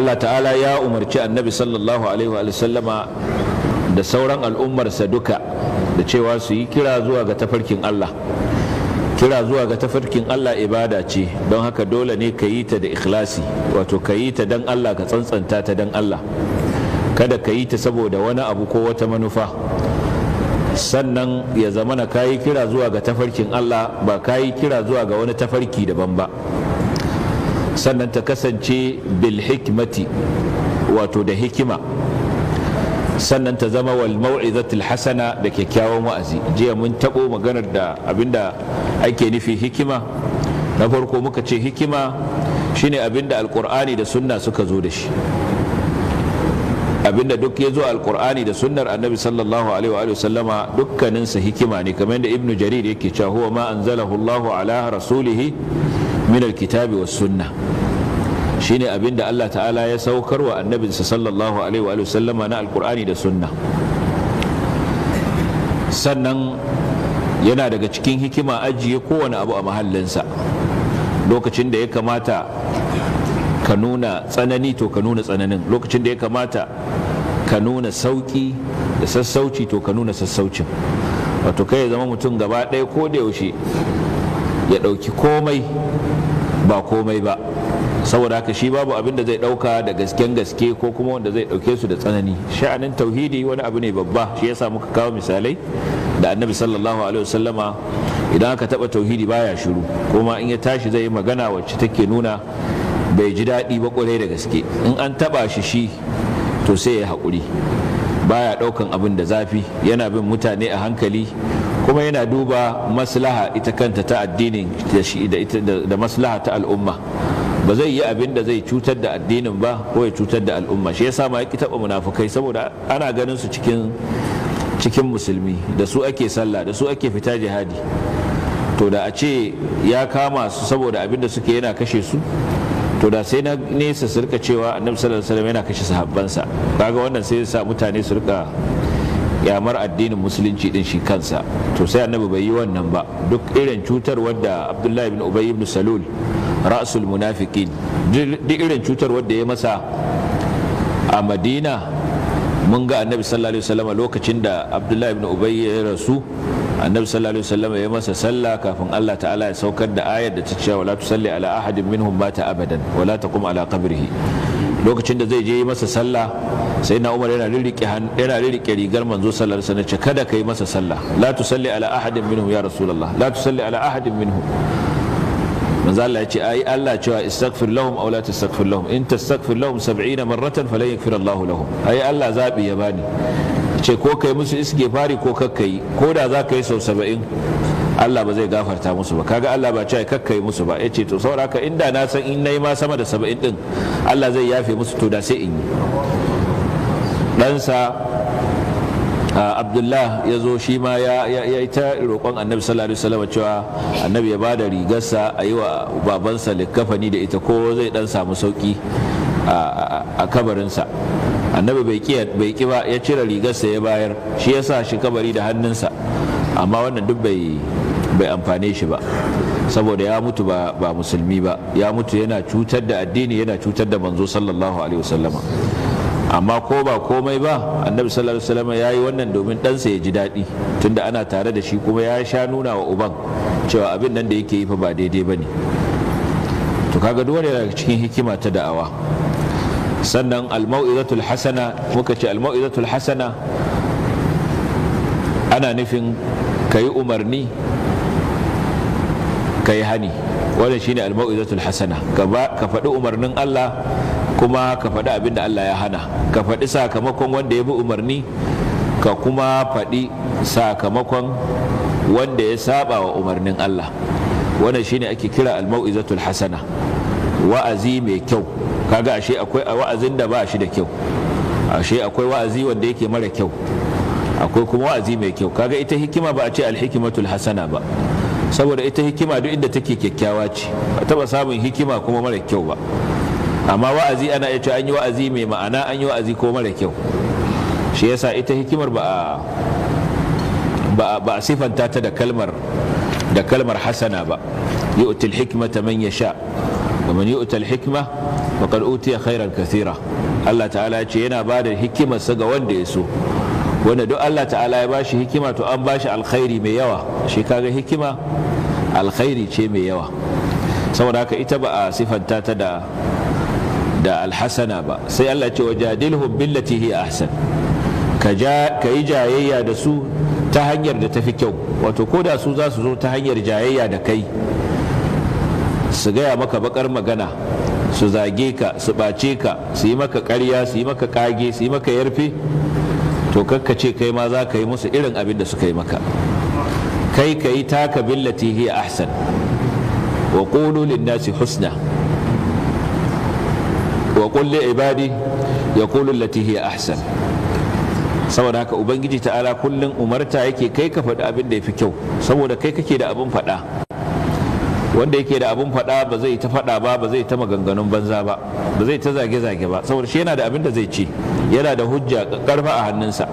Allah ta'ala ya umarci annabi sallallahu alaihi wa sallama da sauran al'ummarsa duka da cewa su yi kira zuwa ga tafarkin Allah kira zuwa ga tafarkin Allah ibada ce don haka dole ne ka yi ta da ikhlasi wato ka yi ta don Allah ka tsantsanta ta don Allah kada ka yi ta saboda wani abu ko wata manufa sannan ya zamana ka yi kira zuwa ga tafarkin Allah ba ka yi kira zuwa ga wani tafarki daban ba sannan ta kasance bil hikmati wato da hikima sannan ta zama wal mau'izatul hasana da kyakkyawan wa'azi jiya mun tabo maganar da abinda ake nufi hikima na farko muka ce hikima shine abinda alqur'ani da sunna suka zo da shi abinda duk ya zo alqur'ani da sunnar annabi sallallahu alaihi wa sallama dukkaninsa hikima ne kamar da ibnu jarir yake cewa huwa ma anzalahu Allahu ala rasulihi min alkitabi was sunna shine abinda Allah ta'ala ya saukar wa annabinsa sallallahu alaihi wa sallama na alkur'ani da sunna sannan yana daga cikin hikima ajiye kowane abu a mahallinsa lokacin da ya kamata ka nuna tsanani to ka nuna tsananin lokacin da ya kamata ka nuna sauki da sassauci to ka nuna sassaucin wato kai ya zama mutum gaba ɗaya ko da yaushe ya ɗauki komai ba komai ba saboda haka shi babu abin da zai dauka da gasken gaske ko kuma wanda zai dauke su da tsanani sha'anin tauhidi wani abu ne babba shi yasa muka kawo misalai da annabi sallallahu alaihi wasallama idan aka taba tauhidi baya shiru kuma in ya tashi zai yi magana wacce take nuna bai ji daɗi ba kwarai da gaske in an taba shi shi to sai ya haƙuri baya ɗaukan abin da zafi yana bin mutane a hankali kuma yana duba maslaha ita kanta ta addinin da maslaha ta al'umma ba zai yi abin da zai cutar da addinin ba ko ya cutar da al'umma shi yasa ma ya taɓa munafukai saboda ana ganin su cikin musulmi da su ake sallah da su ake fita jihadi to da a ce ya kama su saboda abin da suke yana kashe su to da sai na nesa su rika cewa annabi sallallahu alaihi wasallam yana kashe sahabbansa kaga wannan sai ya sa mutane su rika kyamar addinin musulunci din shi kansa to sai annabi bai yi wannan ba duk irin cutar wadda abdullahi ibn ubay ibn salul ra'sul munafiqin duk irin cutar wadda ya masa a madina mun ga annabi sallallahu alaihi wasallam lokacin da abdullahi ibn ubay ya rasu annabi sallallahu alaihi wasallam ya masa sallah kafin Allah ta'ala ya saukar da ayar da ta ce wala tusalli ala ahadin minhum mata abadan wala taqum ala qabrihi lokacin da zai je yi masa sallah sai na umar yana rirrike yana rirrike rigar manzo sallar sana ce kada kai masa sallah la tusalli ala ahadin minhum ya rasulullah la tusalli ala ahadin minhum manzo Allah ya ai Allah cewa istaghfir lahum aw la tastaghfir lahum in tastaghfir lahum 70 marratan falan yaghfir Allah lahum ai Allah zabi ya bani ce ko kai musu iske fari ko kakkai ko da za ka yi sau saba'in Allah ba zai gafarta musu ba kaga Allah ba cewa kakkai musu ba yace to sauraka inda na san in nayi ma sama da saba'in din Allah zai yafe musu to da sai in yi ɗansa abdullah ya zo shi ma ya yi ta roƙon annabi sallallahu alaihi cewa annabi ya bada rigarsa a yi wa babansa likafani da ita ko zai ɗan samu sauki a kabarinsa annabi bai ki bai ki ba ya cire rigarsa ya bayar shi yasa shi kabari da hannunsa amma wannan duk bai bai amfane shi ba saboda ya mutu ba, ba musulmi ba ya mutu yana cutar da addini yana cutar da manzo sallallahu alaihi wasallama amma ko ba komai ba annabi sallallahu alaihi wasallama ya wannan domin ɗansa ya ji daɗi tunda ana tare da shi kuma ya sha nuna wa uban cewa abin nan da yake yi fa ba daidai ba ne to kaga duk wani daga cikin hikima ta da'awa sannan almau'izatul hasana muka ce almau'izatul hasana ana nufin ka yi umarni ka yi hani wannan shine almau'izatul hasana ka faɗi umarnin Allah kuma ka faɗi abin da Allah ya hana ka faɗi sakamakon wanda ya bi umarni ka kuma faɗi sakamakon wanda ya saba wa umarnin Allah wannan shine ake kira almau'izatul hasana wa'azi mai kyau kaga ashe akwai wa'azin da ba shi da kyau ashe akwai wa'azi wanda yake mara kyau akwai kuma wa'azi mai kyau kaga ita hikima ba a ce alhikimatul hasana ba saboda ita hikima duk inda take kyakkyawa ce ba taba samun hikima kuma mara kyau ba amma wa'azi ana iya cewa an yi wa'azi mai ma'ana an yi wa'azi ko mara kyau shi yasa ita hikimar ba a ba sifanta ta da kalmar da kalmar hasana ba yu'til hikmata man yasha kuma yu'til hikma faqad utiya khairan kathira Allah ta'ala ya ce yana ba da hikimarsa ga wanda ya so wanda duk Allah ta'ala ya bashi hikima to an bashi alkhairi mai yawa shi kaga hikima alkhairi ce mai yawa saboda haka ita ba a sifanta ta da da alhasana ba sai Allah ce wajadilhum billati hi ahsan ka yi jayayya da su ta hanyar da tafi kyau wato ko da su za su zo ta hanyar jayayya da kai su gaya maka bakar magana su zage ka su ɓace ka su yi maka ƙarya su yi maka ƙage su yi maka yarfe to kakka ce kai ma za ka yi musu irin abin da suka yi maka kai ka yi taka billati hi ahsan wa qulu nasi husna wa qul li ibadi yaqulu allati hi ahsan saboda haka ubangiji ta'ala kullum umarta yake kai ka faɗi abin da ya fi kyau saboda kai kake da abin faɗa wanda yake da abin faɗa ba zai ta faɗa ba ba zai ta maganganun banza ba ba zai ta zage-zage ba saboda shi yana da abin da zai ci yana da hujja karfa a hannunsa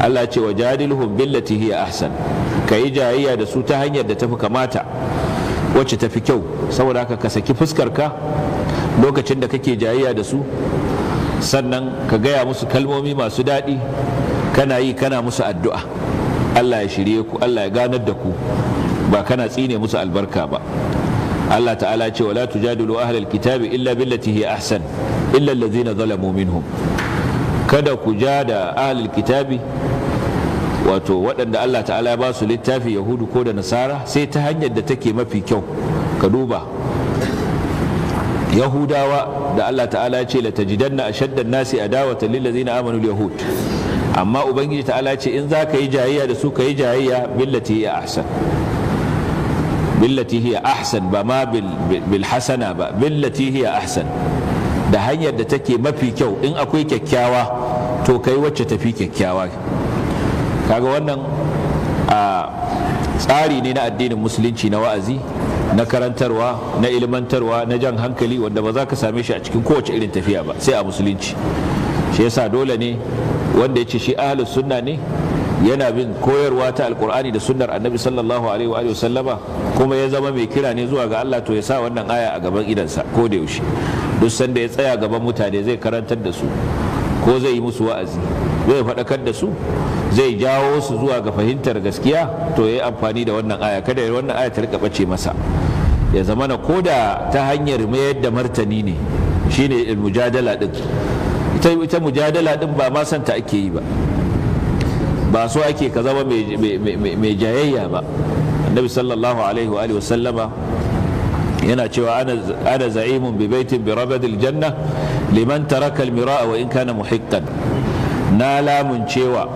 Allah ce wa jadilhum billati hiya ahsan yi jayayya da su ta hanyar da tafi kamata wacce ta fi kyau saboda haka ka saki ka lokacin da kake jayayya da su sannan ka gaya musu kalmomi masu daɗi kana yi kana musu addu'a Allah ya shirye ku Allah ya ganar da ku ba kana tsine musu albarka ba Allah ta'ala ce wala tujadilu ahlal kitabi illa billati hi ahsan illa allazina zalamu minhum kada ku ja da ahlul kitabi wato waɗanda Allah ta'ala ya ba su littafi yahudu ko da nasara sai ta hanyar da take mafi kyau ka duba yahudawa da Allah ta'ala ya ce la tajidanna ashaddan nasi adawatan lil ladzina amanu yahud amma ubangiji ta'ala ce in za ka yi jayayya da su ka yi jayayya billati ya ahsan billati hiya ahsan ba ma bil hasana ba billati hiya ahsan da hanyar da take mafi kyau in akwai kyakkyawa to kai wacce tafi kyakkyawa kaga wannan a tsari ne na addinin musulunci na wa'azi na karantarwa na ilmantarwa na jan hankali wanda ba za ka same shi a cikin kowace irin tafiya ba sai a musulunci shi yasa dole ne wanda ya ce shi ahlus sunna ne yana bin koyarwa ta alkur'ani da sunnar annabi sallallahu alaihi wa sallama kuma ya zama mai kira ne zuwa ga Allah to ya sa wannan aya a gaban idansa ko da yaushe duk sanda ya tsaya gaban mutane zai karantar da su ko zai yi musu wa'azi zai faɗakar da su zai jawo su zuwa ga fahimtar gaskiya to ya yi amfani da wannan aya kada ya wannan aya ta rika bace masa ya zamana ko da ta hanyar mayar da martani ne shine al-mujadala din ita ita mujadala din ba ma santa ake yi ba ba so ake ka zama mai jayayya ba annabi sallallahu alaihi wa alihi sallama yana cewa ana za'imun bi baitin bi rabadil janna liman taraka almira'a wa in kana muhiqqan na lamun cewa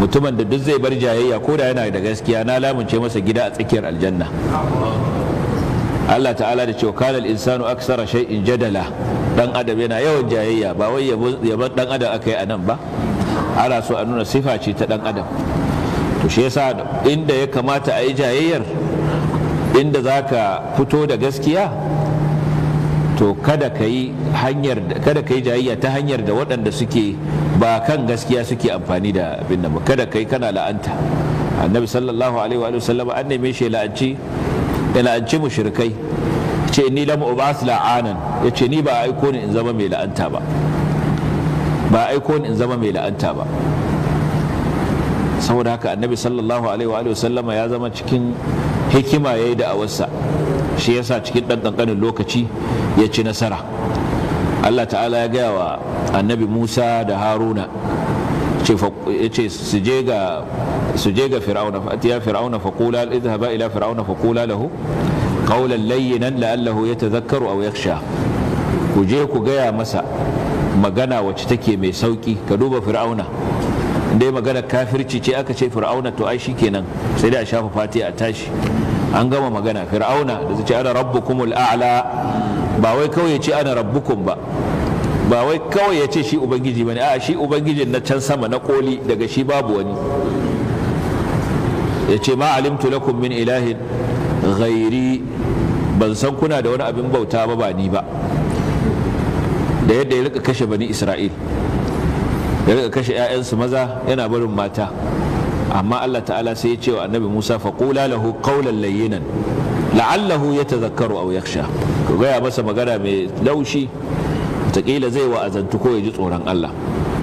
mutumin da duk zai bar jayayya ko da yana da gaskiya na lamunce masa gida a tsakiyar aljanna Allah ta'ala da cewa kana al-insanu aksara shay'in jadala dan adam yana yawan jayayya ba wai yaban dan adam aka yi a nan ba ana so a nuna sifa ce ta dan adam to shi yasa inda ya kamata a yi jayayyar inda za ka fito da gaskiya to kada ka yi hanyar kada ka yi jayayya ta hanyar da waɗanda suke ba kan gaskiya suke amfani da abin nan ba kada yi kana la'anta annabi sallallahu alaihi wa sallam an neme shi la'anci la'anci mushrikai ce ni lam ubas la'anan yace ni ba aiko ni in zama mai la'anta ba ba aiko ni in zama mai la'anta ba saboda haka annabi sallallahu alaihi wa sallama ya zama cikin hikima yayi da awarsa shi yasa cikin dan kankanin lokaci ya ci nasara Allah ta'ala ya gaya wa annabi Musa da Haruna ya ce su je ga fir'auna fatiya fir'auna faqula idhhaba ila fir'auna lahu qawlan layyinan la'allahu yatadhakkaru aw yakhsha ku je ku gaya masa magana wacce take mai sauki ka duba fir'auna dai magana kafirci ce aka ce fir'auna to ai shikenan sai dai a shafa fati a tashi an gama magana fir'auna da su ce ana rabbukumul a'la ba wai kawai ya ce ana rabbukum ba ba wai kawai ya ce shi ubangiji bane a'a shi ubangijin na can sama na koli daga shi babu wani ya ce ma alimtu lakum min ilahin ghairi ban san kuna da wani abin bauta ba ba ni ba da yadda ya rika kashe bani isra'il ya rika kashe 'ya'yansu maza yana barin mata amma allah ta'ala sai ya ce wa annabi musa faƙula lahu qawlan layyinan la'allahu ya tazakkaru aw yakhsha ku gaya masa magana mai laushi wataƙila zai wa'azantu ko ya ji tsoron allah